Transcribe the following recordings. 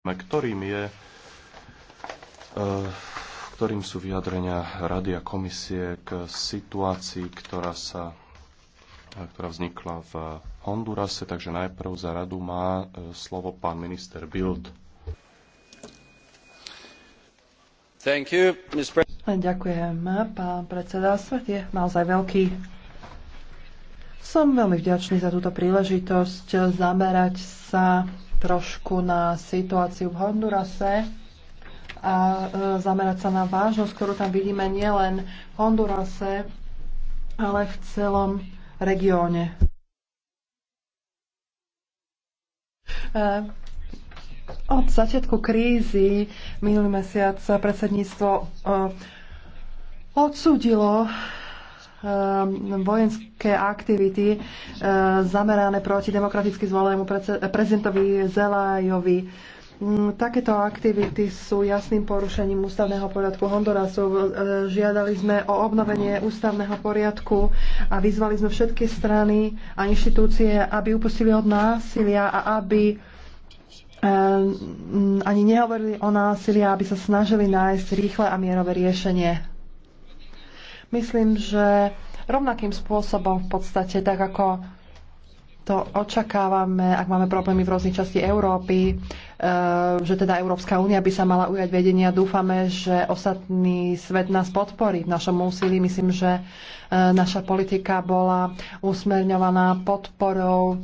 ktorým je e, ktorým sú vyjadrenia Rady a komisie k situácii, ktorá, sa, e, ktorá vznikla v Hondurase. Takže najprv za radu má e, slovo pán minister Bild. Thank you, Ďakujem, pán predseda. Svet je naozaj veľký. Som veľmi vďačný za túto príležitosť zamerať sa trošku na situáciu v Hondurase a e, zamerať sa na vážnosť, ktorú tam vidíme nielen v Hondurase, ale v celom regióne. E, od začiatku krízy minulý mesiac predsedníctvo e, odsúdilo Ehm, vojenské aktivity ehm, zamerané proti demokraticky zvolenému prezidentovi Zelajovi. Mm, takéto aktivity sú jasným porušením ústavného poriadku Hondurasu. Ehm, žiadali sme o obnovenie ústavného poriadku a vyzvali sme všetky strany a inštitúcie, aby upustili od násilia a aby ani nehovorili o násilí, aby sa snažili nájsť rýchle a mierové riešenie. Myslím, že rovnakým spôsobom v podstate, tak ako to očakávame, ak máme problémy v rôznych časti Európy, e, že teda Európska únia by sa mala ujať vedenia. Dúfame, že ostatný svet nás podporí v našom úsilí. Myslím, že e, naša politika bola usmerňovaná podporou e,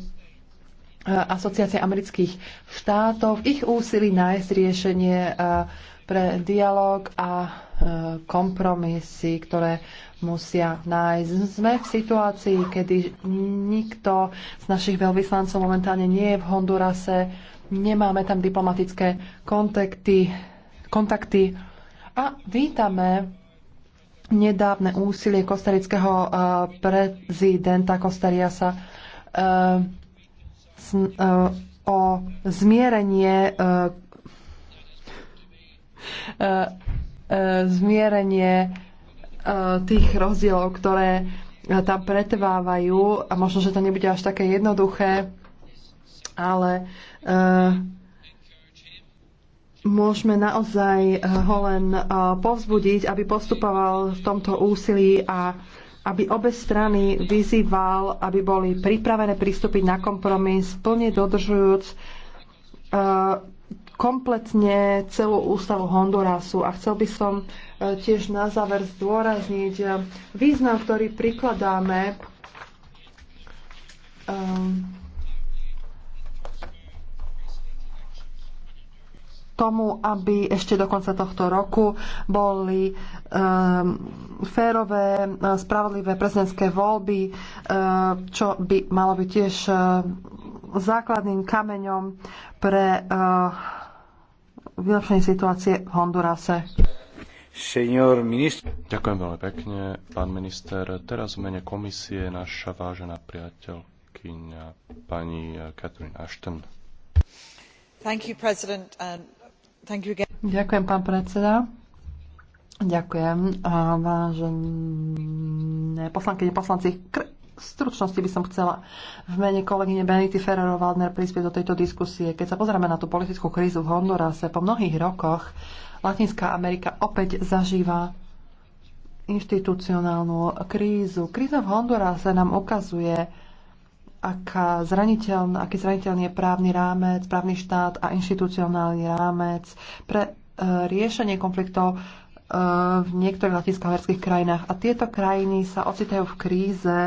Asociácie amerických štátov ich úsilí nájsť riešenie pre dialog a e, kompromisy, ktoré musia nájsť. Sme v situácii, kedy nikto z našich veľvyslancov momentálne nie je v Hondurase, nemáme tam diplomatické kontakty, kontakty a vítame nedávne úsilie kostarického e, prezidenta Kostariasa e, o zmierenie E, e, zmierenie e, tých rozdielov, ktoré tam pretvávajú a možno, že to nebude až také jednoduché, ale môžeme naozaj ho len povzbudiť, aby postupoval v tomto úsilí a aby obe strany vyzýval, aby boli pripravené pristúpiť na kompromis, plne dodržujúc kompletne celú ústavu Hondurasu. A chcel by som e, tiež na záver zdôrazniť e, význam, ktorý prikladáme e, tomu, aby ešte do konca tohto roku boli um, férové, spravodlivé prezidentské voľby, um, čo by malo byť tiež um, základným kameňom pre uh, vylepšení situácie v Hondurase. Ďakujem veľmi pekne, pán minister. Teraz v mene komisie naša vážená priateľkyňa pani Catherine Ashton. Thank You, president, and thank you again. Ďakujem, pán predseda. Ďakujem. vážené poslanky, poslanci, kr- stručnosti by som chcela v mene kolegyne Benity Ferrero-Waldner prispieť do tejto diskusie. Keď sa pozrieme na tú politickú krízu v Hondurase, po mnohých rokoch Latinská Amerika opäť zažíva inštitucionálnu krízu. Kríza v Hondurase nám ukazuje, aká zraniteľn, aký zraniteľný je právny rámec, právny štát a inštitucionálny rámec pre e, riešenie konfliktov e, v niektorých latinskoamerických krajinách. A tieto krajiny sa ocitajú v kríze,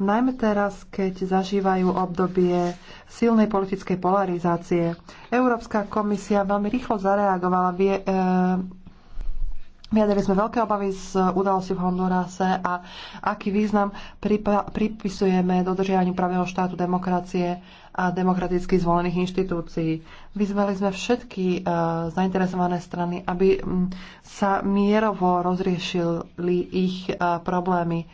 najmä teraz, keď zažívajú obdobie silnej politickej polarizácie. Európska komisia veľmi rýchlo zareagovala. Vie, e, Vyjadrili sme veľké obavy z udalosti v Hondurase a aký význam pripisujeme dodržiavaniu pravého štátu demokracie a demokraticky zvolených inštitúcií. Vyzvali sme všetky e, zainteresované strany, aby sa mierovo rozriešili ich e, problémy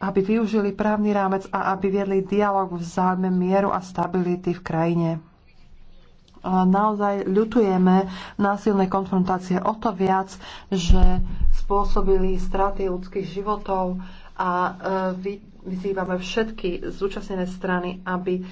aby využili právny rámec a aby viedli dialog v záujme mieru a stability v krajine. Naozaj ľutujeme násilné konfrontácie o to viac, že spôsobili straty ľudských životov a e, vyzývame všetky zúčastnené strany, aby e,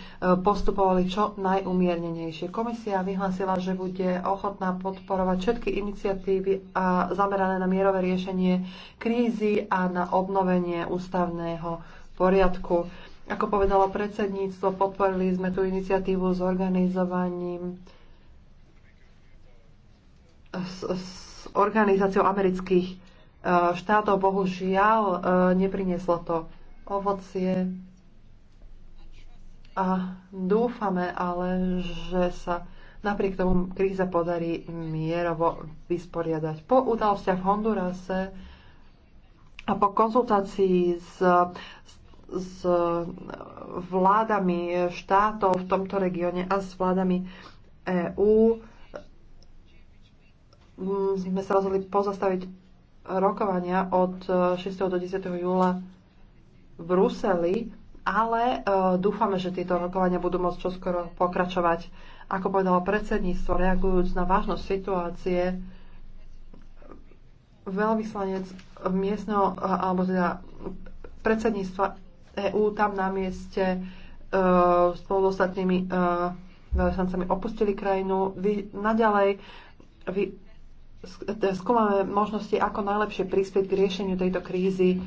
postupovali čo najumiernenejšie. Komisia vyhlásila, že bude ochotná podporovať všetky iniciatívy a zamerané na mierové riešenie krízy a na obnovenie ústavného poriadku. Ako povedalo predsedníctvo, podporili sme tú iniciatívu s organizovaním s, s organizáciou amerických e, štátov. Bohužiaľ, e, neprinieslo to ovocie. A dúfame ale, že sa napriek tomu kríza podarí mierovo vysporiadať. Po udalostiach v Hondurase a po konzultácii s, s vládami štátov v tomto regióne a s vládami EÚ mm, sme sa rozhodli pozastaviť rokovania od 6. do 10. júla Bruseli, ale e, dúfame, že tieto rokovania budú môcť čoskoro pokračovať. Ako povedalo predsedníctvo, reagujúc na vážnosť situácie, veľvyslanec miestneho, e, alebo teda predsedníctva EÚ tam na mieste spolu e, s ostatnými veľvyslancami opustili krajinu. Vy naďalej vy skúmame možnosti, ako najlepšie prispieť k riešeniu tejto krízy.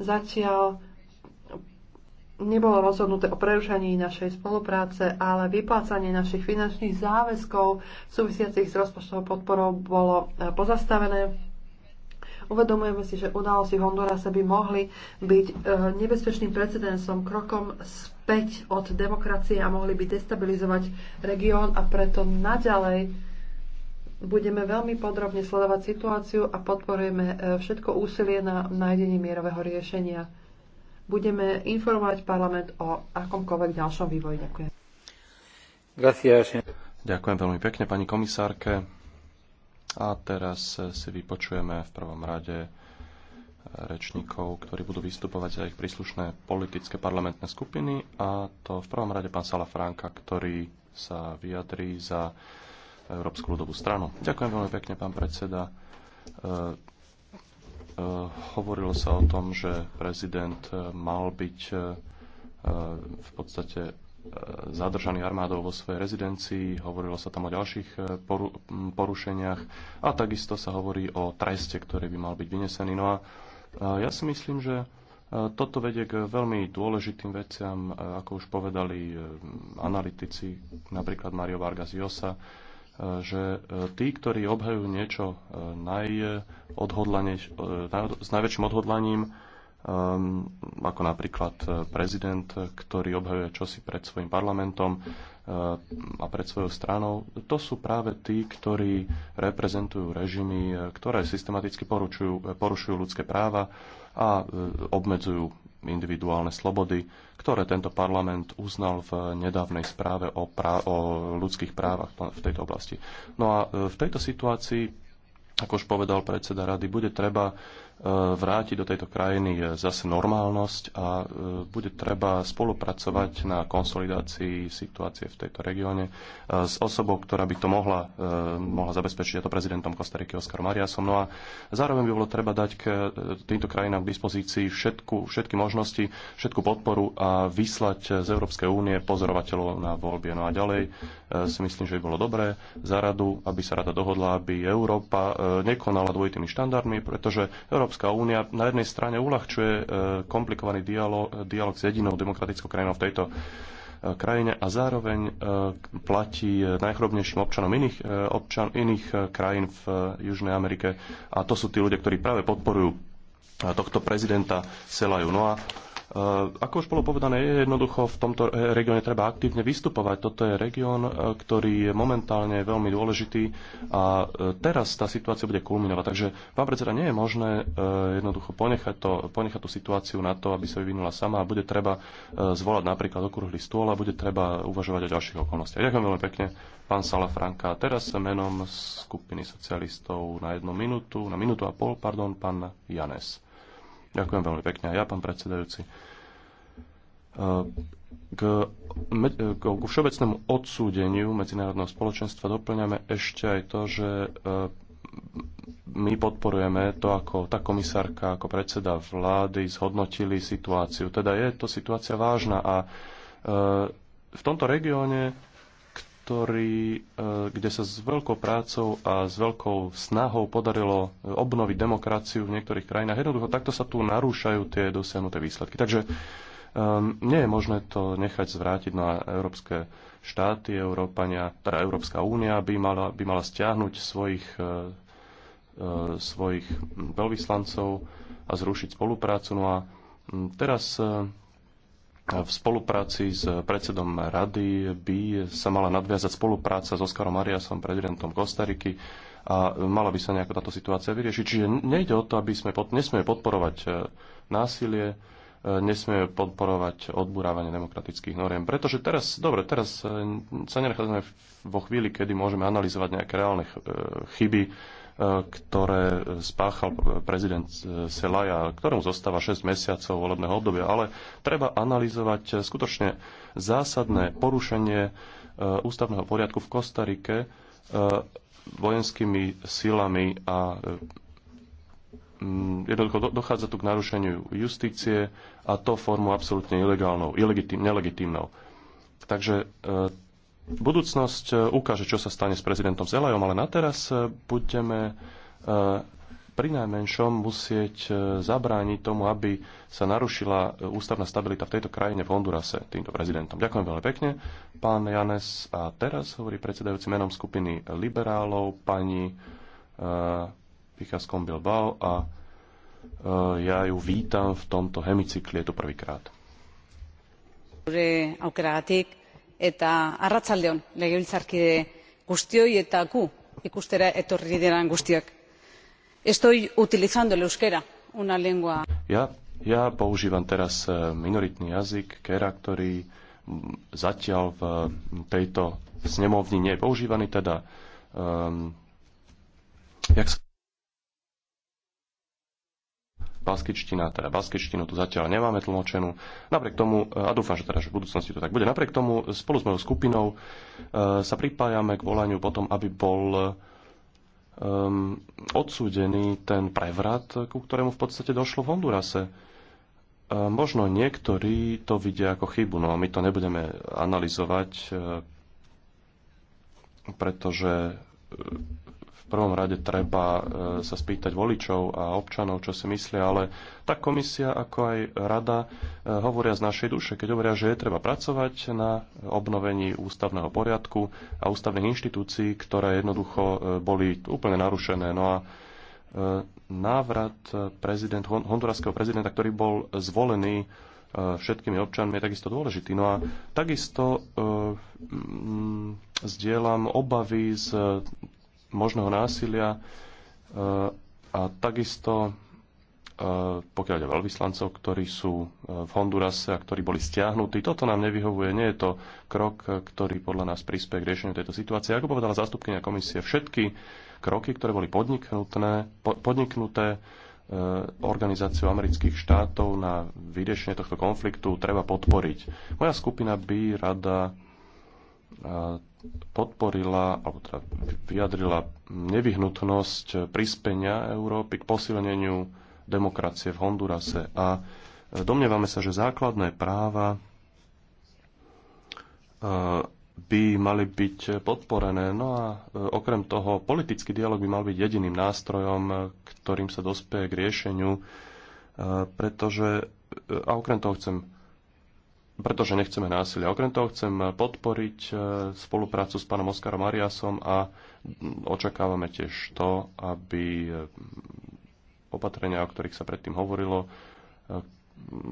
Zatiaľ nebolo rozhodnuté o prerušení našej spolupráce, ale vyplácanie našich finančných záväzkov súvisiacich s rozpočtovou podporou bolo e, pozastavené. Uvedomujeme si, že udalosti v Hondurase by mohli byť e, nebezpečným precedensom, krokom späť od demokracie a mohli by destabilizovať región a preto naďalej budeme veľmi podrobne sledovať situáciu a podporujeme e, všetko úsilie na nájdenie mierového riešenia budeme informovať parlament o akomkoľvek ďalšom vývoji. Ďakujem. Gracias. Ďakujem veľmi pekne pani komisárke. A teraz si vypočujeme v prvom rade rečníkov, ktorí budú vystupovať za ich príslušné politické parlamentné skupiny a to v prvom rade pán Sala Franka, ktorý sa vyjadrí za Európsku ľudovú stranu. Ďakujem veľmi pekne, pán predseda. E, Eh, hovorilo sa o tom, že prezident eh, mal byť eh, v podstate zadržaný armádou vo svojej rezidencii, hovorilo sa tam o ďalších poru- porušeniach a takisto sa hovorí o treste, ktorý by mal byť vynesený. No a ja si myslím, že toto vedie k veľmi dôležitým veciam, ako už povedali analytici, napríklad Mario Vargas Josa, že e, tí, ktorí obhajujú niečo e, e, s najväčším odhodlaním, ako napríklad prezident, ktorý obhajuje čosi pred svojim parlamentom a pred svojou stranou, to sú práve tí, ktorí reprezentujú režimy, ktoré systematicky porušujú ľudské práva a obmedzujú individuálne slobody, ktoré tento parlament uznal v nedávnej správe o, prá- o ľudských právach v tejto oblasti. No a e, v tejto situácii, ako už povedal predseda rady, bude treba E, vráti do tejto krajiny zase normálnosť a e, bude treba spolupracovať na konsolidácii situácie v tejto regióne e, s osobou, ktorá by to mohla, mohla zabezpečiť, a to prezidentom Kostariky Oskar Mariasom. No a zároveň by bolo treba dať k týmto krajinám k dispozícii všetku, všetky možnosti, všetku podporu a vyslať z Európskej únie pozorovateľov na voľbie. No a ďalej si myslím, že by bolo dobré za radu, aby sa rada dohodla, aby Európa nekonala dvojitými štandardmi, pretože Európa Európska únia na jednej strane uľahčuje e, komplikovaný dialog, dialog s jedinou demokratickou krajinou v tejto e, krajine a zároveň e, platí najchrobnejším občanom iných, občan, iných krajín v Južnej Amerike. A to sú tí ľudia, ktorí práve podporujú tohto prezidenta Selaju. Noa. Eh, ako už bolo povedané, jednoducho v tomto eh, regióne treba aktívne vystupovať. Toto je región, eh, ktorý je momentálne veľmi dôležitý a teraz tá situácia bude kulminovať. Takže, pán predseda, nie je možné jednoducho ponechať, to, ponechať tú situáciu na to, aby sa vyvinula sama a bude treba zvolať napríklad okrúhly stôl a bude treba uvažovať o ďalších okolnostiach. Ďakujem veľmi pekne, pán Salafranka. Teraz menom skupiny socialistov na jednu minútu, na minútu a pol, pardon, pán Janes. Ďakujem veľmi pekne. a Ja, pán predsedajúci. K, k, k všeobecnému odsúdeniu medzinárodného spoločenstva doplňame ešte aj to, že e, my podporujeme to, ako tá komisárka, ako predseda vlády zhodnotili situáciu. Teda je to situácia vážna a e, v tomto regióne, ktorý, e, kde sa s veľkou prácou a s veľkou snahou podarilo obnoviť demokraciu v niektorých krajinách, jednoducho takto sa tu narúšajú tie dosiahnuté výsledky. Takže Um, nie je možné to nechať zvrátiť na európske štáty, Európania, teda Európska únia by mala, by mala stiahnuť svojich, uh, uh, svojich veľvyslancov a zrušiť spoluprácu. No a teraz uh, v spolupráci s predsedom rady by sa mala nadviazať spolupráca s Oskarom Mariasom, prezidentom Kostariky a mala by sa nejako táto situácia vyriešiť. Čiže nejde o to, aby sme pod, nesmieme podporovať násilie, nesmieme podporovať odburávanie demokratických noriem. Pretože teraz, dobre, teraz e, sa nenachádzame vo chvíli, kedy môžeme analyzovať nejaké reálne e, chyby, e, ktoré spáchal prezident Selaja, ktorému zostáva 6 mesiacov volebného obdobia, ale treba analyzovať skutočne zásadné porušenie ústavného poriadku v Kostarike vojenskými silami a Mm, jednoducho dochádza tu k narušeniu justície a to formu absolútne ilegálnou, ilegitim, nelegitímnou. Takže e, budúcnosť e, ukáže, čo sa stane s prezidentom Zelajom, ale na teraz e, budeme pri najmenšom musieť zabrániť tomu, aby sa narušila ústavná stabilita v tejto krajine v Hondurase týmto prezidentom. Ďakujem veľmi pekne, pán Janes. A teraz hovorí predsedajúci menom skupiny liberálov pani Pichaskom Bilbao a uh, ja ju vítam v tomto hemicykli, je to prvýkrát. Gure aukeragatik eta arratsaldeon legebiltzarkide guztioi eta gu ikustera etorri diren guztiak. Estoy utilizando el euskera, una lengua. Ja, ja používam teraz e, minoritný jazyk, kera, ktorý zatiaľ v tejto snemovni nie je používaný, teda um, jak sa baskičtina, teda baskičtinu tu zatiaľ nemáme tlmočenú. Napriek tomu, e, a dúfam, že teda že v budúcnosti to tak bude, napriek tomu spolu s mojou skupinou e, sa pripájame k volaniu potom, aby bol um, odsúdený ten prevrat, ku ktorému v podstate došlo v Hondurase. E, možno niektorí to vidia ako chybu, no my to nebudeme analyzovať, e, pretože e, prvom rade treba e, sa spýtať voličov a občanov, čo si myslia, ale tak komisia ako aj rada e, hovoria z našej duše, keď hovoria, že je treba pracovať na obnovení ústavného poriadku a ústavných inštitúcií, ktoré jednoducho e, boli úplne narušené. No a návrat prezident, honduraského prezidenta, ktorý bol zvolený všetkými občanmi, je takisto dôležitý. No a takisto e, zdieľam obavy z možného násilia e, a takisto e, pokiaľ ide veľvyslancov, ktorí sú e, v Hondurase a ktorí boli stiahnutí. Toto nám nevyhovuje, nie je to krok, ktorý podľa nás prispie k riešeniu tejto situácie. Ako povedala zástupkynia komisie, všetky kroky, ktoré boli podniknuté, podniknuté organizáciu amerických štátov na vyriešenie tohto konfliktu treba podporiť. Moja skupina by rada podporila alebo teda vyjadrila nevyhnutnosť prispenia Európy k posilneniu demokracie v Hondurase. A domnievame sa, že základné práva e, by mali byť podporené. No a e, okrem toho, politický dialog by mal byť jediným nástrojom, ktorým sa dospeje k riešeniu, e, pretože, a okrem toho chcem pretože nechceme násilia. Okrem toho chcem podporiť e, spoluprácu s pánom Oskarom Ariasom a očakávame tiež to, aby e, opatrenia, o ktorých sa predtým hovorilo, e,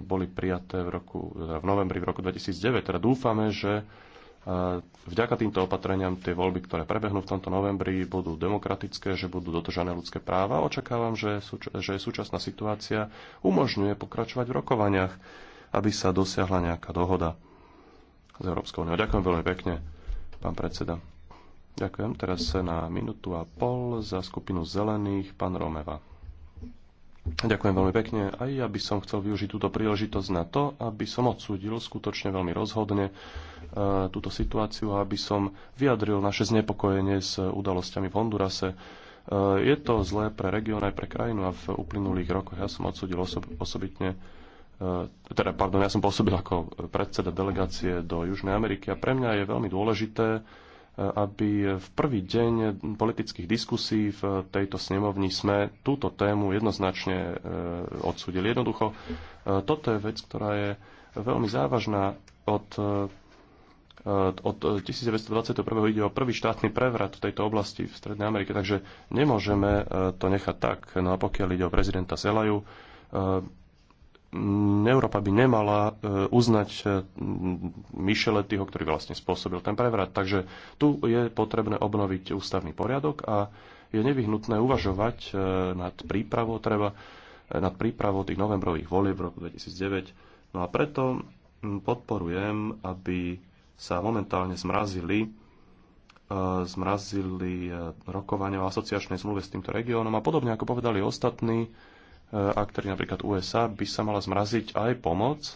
boli prijaté v, roku, v novembri v roku 2009. Teda dúfame, že vďaka týmto opatreniam tie voľby, ktoré prebehnú v tomto novembri, budú demokratické, že budú dodržané ľudské práva. Očakávam, že, súč- že súčasná situácia umožňuje pokračovať v rokovaniach aby sa dosiahla nejaká dohoda z Európskou úniou. Ďakujem veľmi pekne, pán predseda. Ďakujem. Teraz na minútu a pol za skupinu zelených pán Romeva. Ďakujem veľmi pekne. Aj ja by som chcel využiť túto príležitosť na to, aby som odsúdil skutočne veľmi rozhodne e, túto situáciu a aby som vyjadril naše znepokojenie s udalosťami v Hondurase. E, je to zlé pre región aj pre krajinu a v uplynulých rokoch ja som odsúdil oso- osobitne E, teda, pardon, ja som pôsobil ako predseda delegácie do Južnej Ameriky a pre mňa je veľmi dôležité, e, aby v prvý deň politických diskusí v tejto snemovni sme túto tému jednoznačne e, odsúdili. Jednoducho, toto je vec, ktorá je veľmi závažná od od 1921. ide o prvý štátny prevrat v tejto oblasti v Strednej Amerike, takže nemôžeme to nechať tak. No a pokiaľ ide o prezidenta Selaju, Európa by nemala e, uznať e, Micheletyho, ktorý vlastne spôsobil ten prevrat. Takže tu je potrebné obnoviť ústavný poriadok a je nevyhnutné uvažovať e, nad prípravou, treba, nad prípravou tých novembrových volieb v roku 2009. No a preto podporujem, aby sa momentálne zmrazili zmrazili rokovania o asociačnej zmluve s týmto regiónom a podobne ako povedali ostatní, aktéry, napríklad USA, by sa mala zmraziť aj pomoc, e,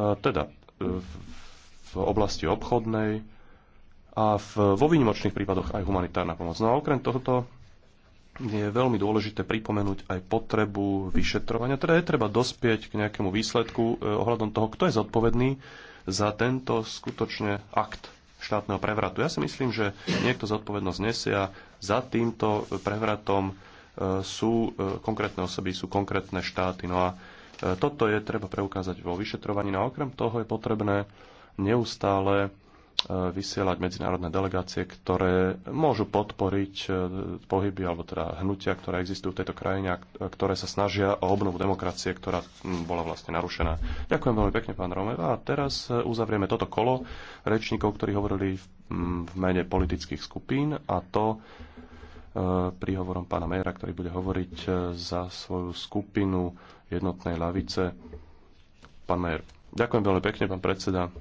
teda e, v oblasti obchodnej a v, vo výnimočných prípadoch aj humanitárna pomoc. No a okrem tohoto je veľmi dôležité pripomenúť aj potrebu vyšetrovania, teda je treba dospieť k nejakému výsledku e, ohľadom toho, kto je zodpovedný za tento skutočne akt štátneho prevratu. Ja si myslím, že niekto zodpovednosť nesia za týmto prevratom sú e, konkrétne osoby, sú konkrétne štáty. No a e, toto je treba preukázať vo vyšetrovaní. No a okrem toho je potrebné neustále e, vysielať medzinárodné delegácie, ktoré môžu podporiť pohyby alebo teda hnutia, ktoré existujú v tejto krajine a ktoré sa snažia o obnovu demokracie, ktorá bola vlastne narušená. Ďakujem veľmi pekne, pán Romeva. A teraz uzavrieme toto kolo rečníkov, ktorí hovorili v, v mene politických skupín a to Eh, príhovorom pána Mejera, ktorý bude hovoriť eh, za svoju skupinu jednotnej lavice. Pán Mejer. Ďakujem veľmi pekne, pán predseda.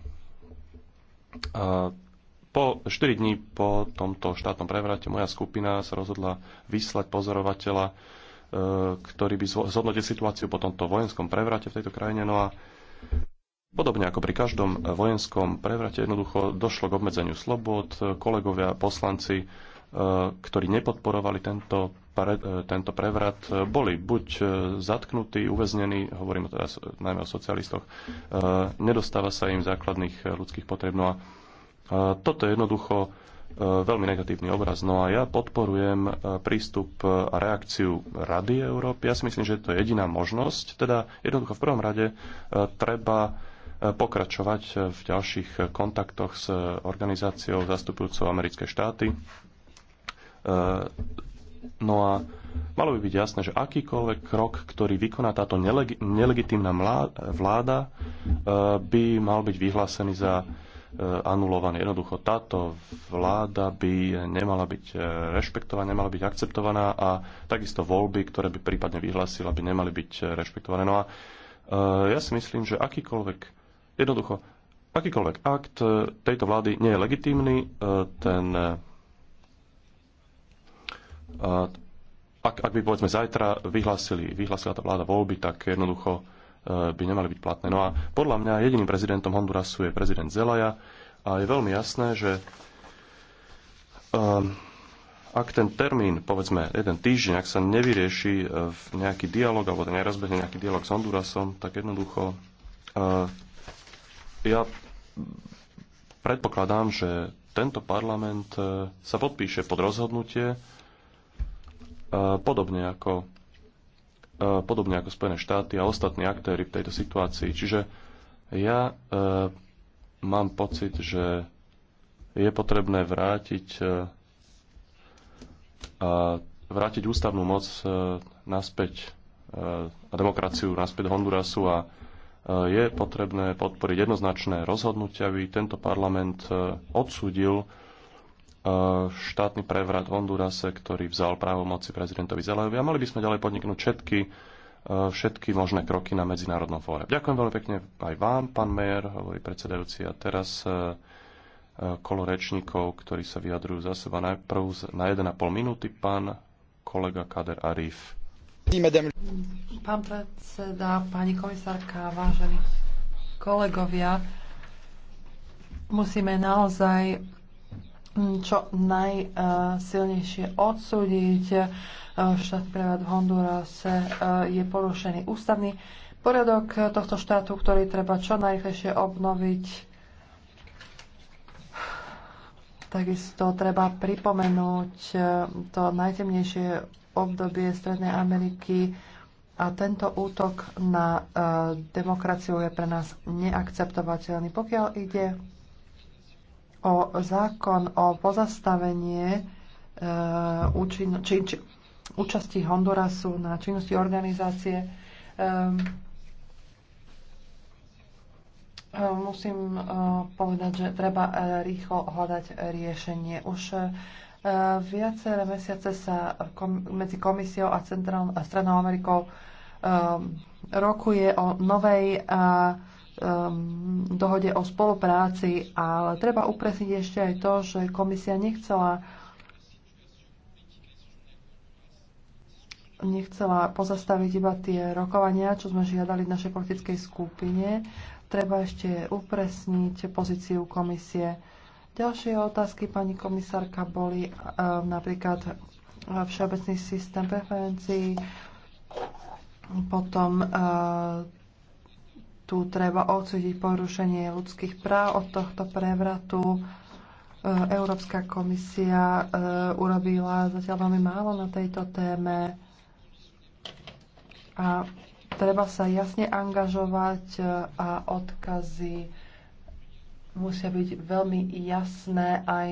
Po 4 dní po tomto štátnom prevrate moja skupina sa rozhodla vyslať pozorovateľa, eh, ktorý by zhodnotil situáciu po tomto vojenskom prevrate v tejto krajine. No a Podobne ako pri každom vojenskom prevrate jednoducho došlo k obmedzeniu slobod. Kolegovia, poslanci ktorí nepodporovali tento, pre, e, tento prevrat, e, boli buď e, zatknutí, uväznení, hovorím teraz najmä o socialistoch, nedostáva sa im základných ľudských potreb. No a toto je jednoducho veľmi negatívny obraz. No a ja podporujem prístup a reakciu Rady Európy. Ja si myslím, že je to jediná možnosť. Teda jednoducho v prvom rade treba pokračovať v ďalších kontaktoch s organizáciou zastupujúcou americké štáty Eh, no a malo by byť jasné, že akýkoľvek krok, ktorý vykoná táto neleg- nelegitímna vláda, eh, by mal byť vyhlásený za eh, anulovaný. Jednoducho táto vláda by nemala byť rešpektovaná, nemala byť akceptovaná a takisto voľby, ktoré by prípadne vyhlásila, by nemali byť rešpektované. No a ja si myslím, že akýkoľvek, jednoducho, akýkoľvek akt tejto vlády nie je legitímny, ten ak, ak by povedzme zajtra vyhlásili, vyhlásila tá vláda voľby, tak jednoducho e, by nemali byť platné. No a podľa mňa jediným prezidentom Hondurasu je prezident Zelaja a je veľmi jasné, že um, ak ten termín, povedzme jeden týždeň, ak sa nevyrieši e, v nejaký dialog alebo nerozbehne nejaký dialog s Hondurasom, tak jednoducho uh, ja predpokladám, že tento parlament sa podpíše pod rozhodnutie, podobne ako, podobne ako Spojené štáty a ostatní aktéry v tejto situácii. Čiže ja e, mám pocit, že je potrebné vrátiť, e, vrátiť ústavnú moc e, naspäť a demokraciu naspäť Hondurasu a je potrebné podporiť jednoznačné rozhodnutia, aby tento parlament odsúdil štátny prevrat v Hondurase, ktorý vzal právomoci prezidentovi Zelajovi a mali by sme ďalej podniknúť všetky, e, všetky možné kroky na medzinárodnom fóre. Ďakujem veľmi pekne aj vám, pán Mayer, hovorí predsedajúci. A teraz e, e, kolo rečníkov, ktorí sa vyjadrujú za seba najprv na 1,5 minúty, pán kolega Kader Arif. Pán predseda, pani komisárka, vážení kolegovia, musíme naozaj čo najsilnejšie odsúdiť. E, štát prevad v Hondurase e, je porušený ústavný poriadok tohto štátu, ktorý treba čo najrychlejšie obnoviť. Takisto treba pripomenúť e, to najtemnejšie obdobie Strednej Ameriky a tento útok na demokraciu je pre nás neakceptovateľný. Pokiaľ ide o zákon o pozastavenie uh, účin, či, či, účasti Hondurasu na činnosti organizácie. Um, musím uh, povedať, že treba uh, rýchlo hľadať riešenie. Už uh, viaceré mesiace sa kom, medzi komisiou a, a Strednou Amerikou um, rokuje o novej uh, um, dohode o spolupráci, ale treba upresniť ešte aj to, že komisia nechcela nechcela pozastaviť iba tie rokovania, čo sme žiadali v našej politickej skupine. Treba ešte upresniť pozíciu komisie. Ďalšie otázky pani komisárka boli um, napríklad všeobecný systém preferencií, potom uh, tu treba odsúdiť porušenie ľudských práv od tohto prevratu. E, Európska komisia e, urobila zatiaľ veľmi málo na tejto téme a treba sa jasne angažovať e, a odkazy musia byť veľmi jasné aj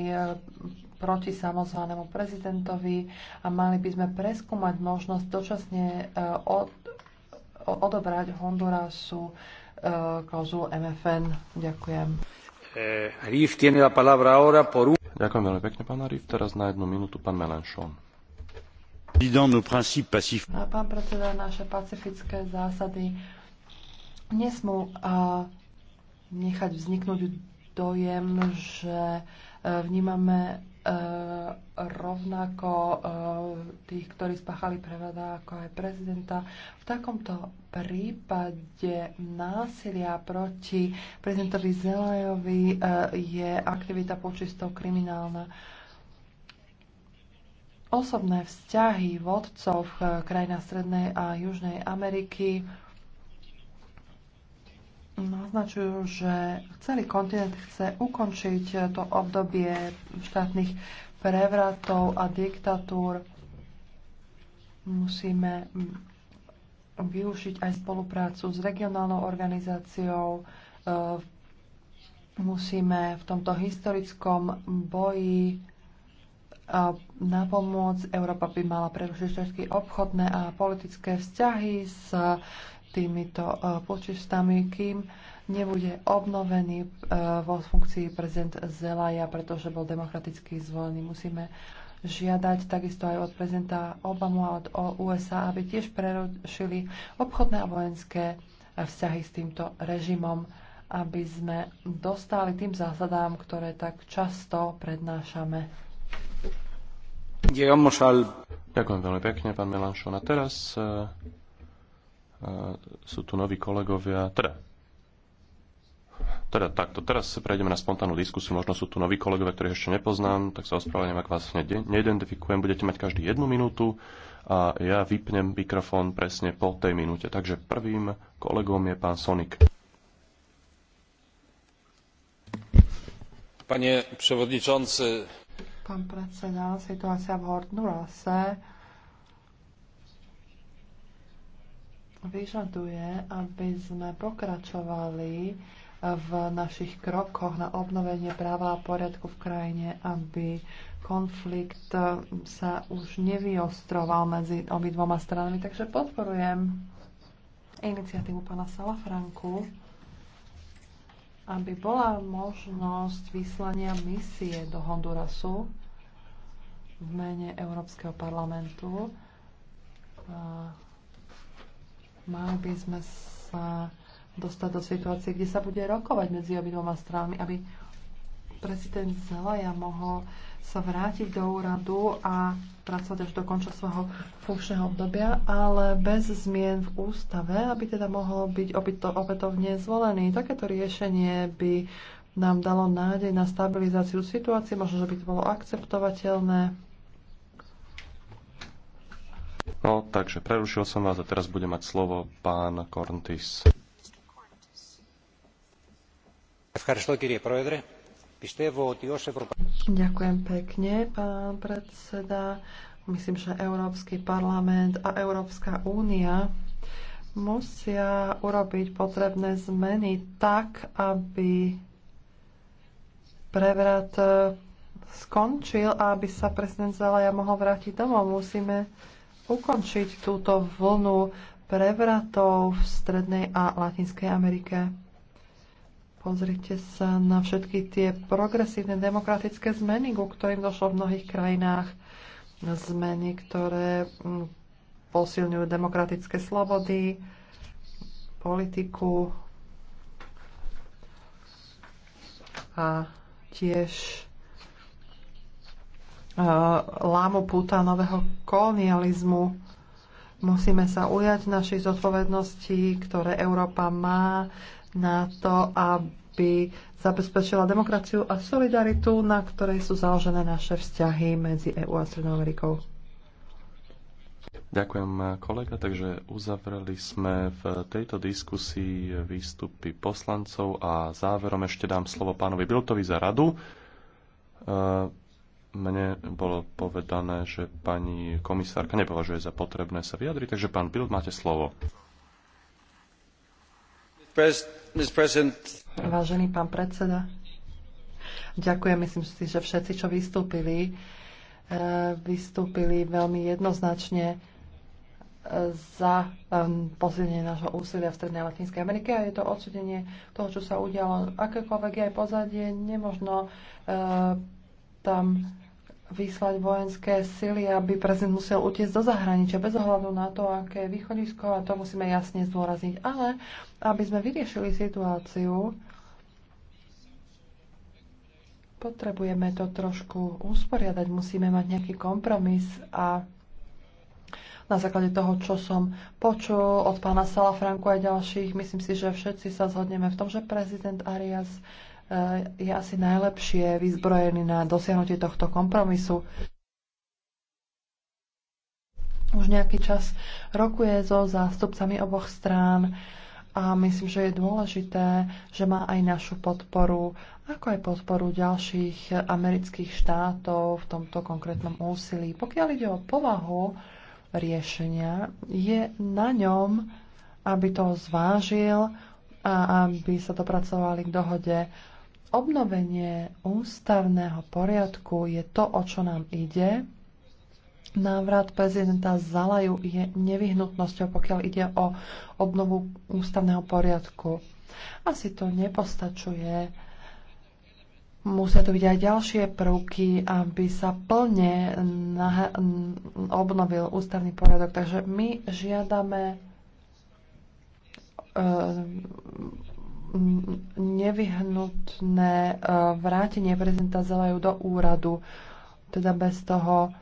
proti samozvanému prezidentovi a mali by sme preskúmať možnosť dočasne od, odobrať Hondurasu Eh, klauzul MFN. Ďakujem. Eh, Rif tiene la palabra ahora por un... Ďakujem veľmi pekne, pán Rif. Teraz na jednu minútu pán Melenchon. No, pán predseda, naše pacifické zásady nesmú eh, nechať vzniknúť dojem, že Eh, vnímame eh, rovnako eh, tých, ktorí spáchali prevada ako aj prezidenta. V takomto prípade násilia proti prezidentovi Zelajovi je aktivita počistov kriminálna. Osobné vzťahy vodcov krajina Srednej Strednej a Južnej Ameriky naznačujú, že celý kontinent chce ukončiť to obdobie štátnych prevratov a diktatúr. Musíme využiť aj spoluprácu s regionálnou organizáciou. Musíme v tomto historickom boji na pomoc. Európa by mala prerušiť všetky obchodné a politické vzťahy s týmito e, počistami, kým nebude obnovený e, vo funkcii prezident Zelaja, pretože bol demokraticky zvolený. Musíme žiadať takisto aj od prezidenta Obama a od USA, aby tiež prerušili obchodné a vojenské e, vzťahy s týmto režimom, aby sme dostali tým zásadám, ktoré tak často prednášame. Ďakujem veľmi pekne, pán Melanšon. A teraz sú tu noví kolegovia. Teda, teda takto, teraz prejdeme na spontánnu diskusiu. Možno sú tu noví kolegovia, ktorých ešte nepoznám, tak sa ospravedlňujem, ak vás neidentifikujem. Budete mať každý jednu minútu a ja vypnem mikrofón presne po tej minúte. Takže prvým kolegom je pán Sonik. Panie przewodniczący. Pan predseda, situácia v Hortnurase vyžaduje, aby sme pokračovali v našich krokoch na obnovenie práva a poriadku v krajine, aby konflikt sa už nevyostroval medzi dvoma stranami. Takže podporujem iniciatívu pána Salafranku, aby bola možnosť vyslania misie do Hondurasu v mene Európskeho parlamentu. A Mali by sme sa dostať do situácie, kde sa bude rokovať medzi obidvoma stranami, aby prezident Zelaja mohol sa vrátiť do úradu a pracovať až do konca svojho funkčného obdobia, ale bez zmien v ústave, aby teda mohol byť opätovne zvolený. Takéto riešenie by nám dalo nádej na stabilizáciu situácie, možno, že by to bolo akceptovateľné No, takže prerušil som vás a teraz bude mať slovo pán Korntis. Ďakujem pekne, pán predseda. Myslím, že Európsky parlament a Európska únia musia urobiť potrebné zmeny tak, aby prevrat skončil a aby sa prezident Zelaja mohol vrátiť domov. Musíme ukončiť túto vlnu prevratov v Strednej a Latinskej Amerike. Pozrite sa na všetky tie progresívne demokratické zmeny, ku ktorým došlo v mnohých krajinách. Zmeny, ktoré mm, posilňujú demokratické slobody, politiku a tiež Eh, lámu púta nového kolonializmu. Musíme sa ujať našich zodpovedností, ktoré Európa má na to, aby zabezpečila demokraciu a solidaritu, na ktorej sú založené naše vzťahy medzi EÚ a Strednou Amerikou. Ďakujem kolega, takže uzavreli sme v tejto diskusii výstupy poslancov a záverom ešte dám slovo pánovi Biltovi za radu eh, mne bolo povedané, že pani komisárka nepovažuje za potrebné sa vyjadriť, takže pán Bild, máte slovo. Vážený pán predseda, ďakujem, myslím si, že všetci, čo vystúpili, e, vystúpili veľmi jednoznačne e, za um, posilnenie nášho úsilia v Strednej a Latinskej Amerike a je to odsudenie toho, čo sa udialo. Akékoľvek je aj pozadie, nemožno e, tam vyslať vojenské sily, aby prezident musel utiecť do zahraničia bez ohľadu na to, aké je východisko a to musíme jasne zdôrazniť. Ale aby sme vyriešili situáciu, potrebujeme to trošku usporiadať, musíme mať nejaký kompromis a na základe toho, čo som počul od pána Salafranku a ďalších, myslím si, že všetci sa zhodneme v tom, že prezident Arias Eh, je asi najlepšie vyzbrojený na dosiahnutie tohto kompromisu. Už nejaký čas rokuje so zástupcami oboch strán a myslím, že je dôležité, že má aj našu podporu, ako aj podporu ďalších amerických štátov v tomto konkrétnom úsilí. Pokiaľ ide o povahu riešenia, je na ňom, aby to zvážil a aby sa dopracovali k dohode Obnovenie ústavného poriadku je to, o čo nám ide. Návrat prezidenta Zalaju je nevyhnutnosťou, pokiaľ ide o obnovu ústavného poriadku. Asi to nepostačuje. Musia to byť aj ďalšie prvky, aby sa plne obnovil ústavný poriadok. Takže my žiadame nevyhnutné e, vrátenie prezidenta Zeleju do úradu. Teda bez toho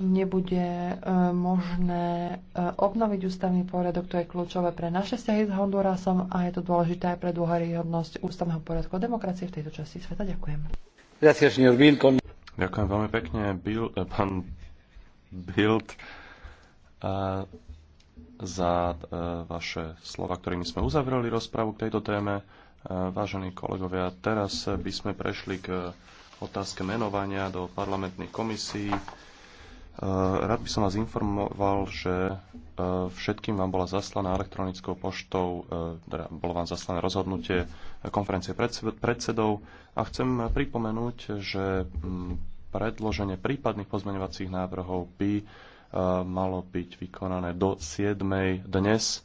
nebude e, možné e, obnoviť ústavný poriadok, to je kľúčové pre naše vzťahy s Hondurasom a je to dôležité aj pre dôveryhodnosť ústavného poriadku a demokracie v tejto časti sveta. Ďakujem. Ďakujem veľmi pekne, Bill, pán Bild. Uh, za e, vaše slova, ktorými sme uzavreli rozpravu k tejto téme. E, vážení kolegovia, teraz by sme prešli k otázke menovania do parlamentných komisí. E, rád by som vás informoval, že všetkým vám bola zaslaná elektronickou poštou, teda bolo vám zaslané rozhodnutie konferencie predsedov a chcem pripomenúť, že predloženie prípadných pozmeňovacích návrhov by malo byť vykonané do 7. dnes.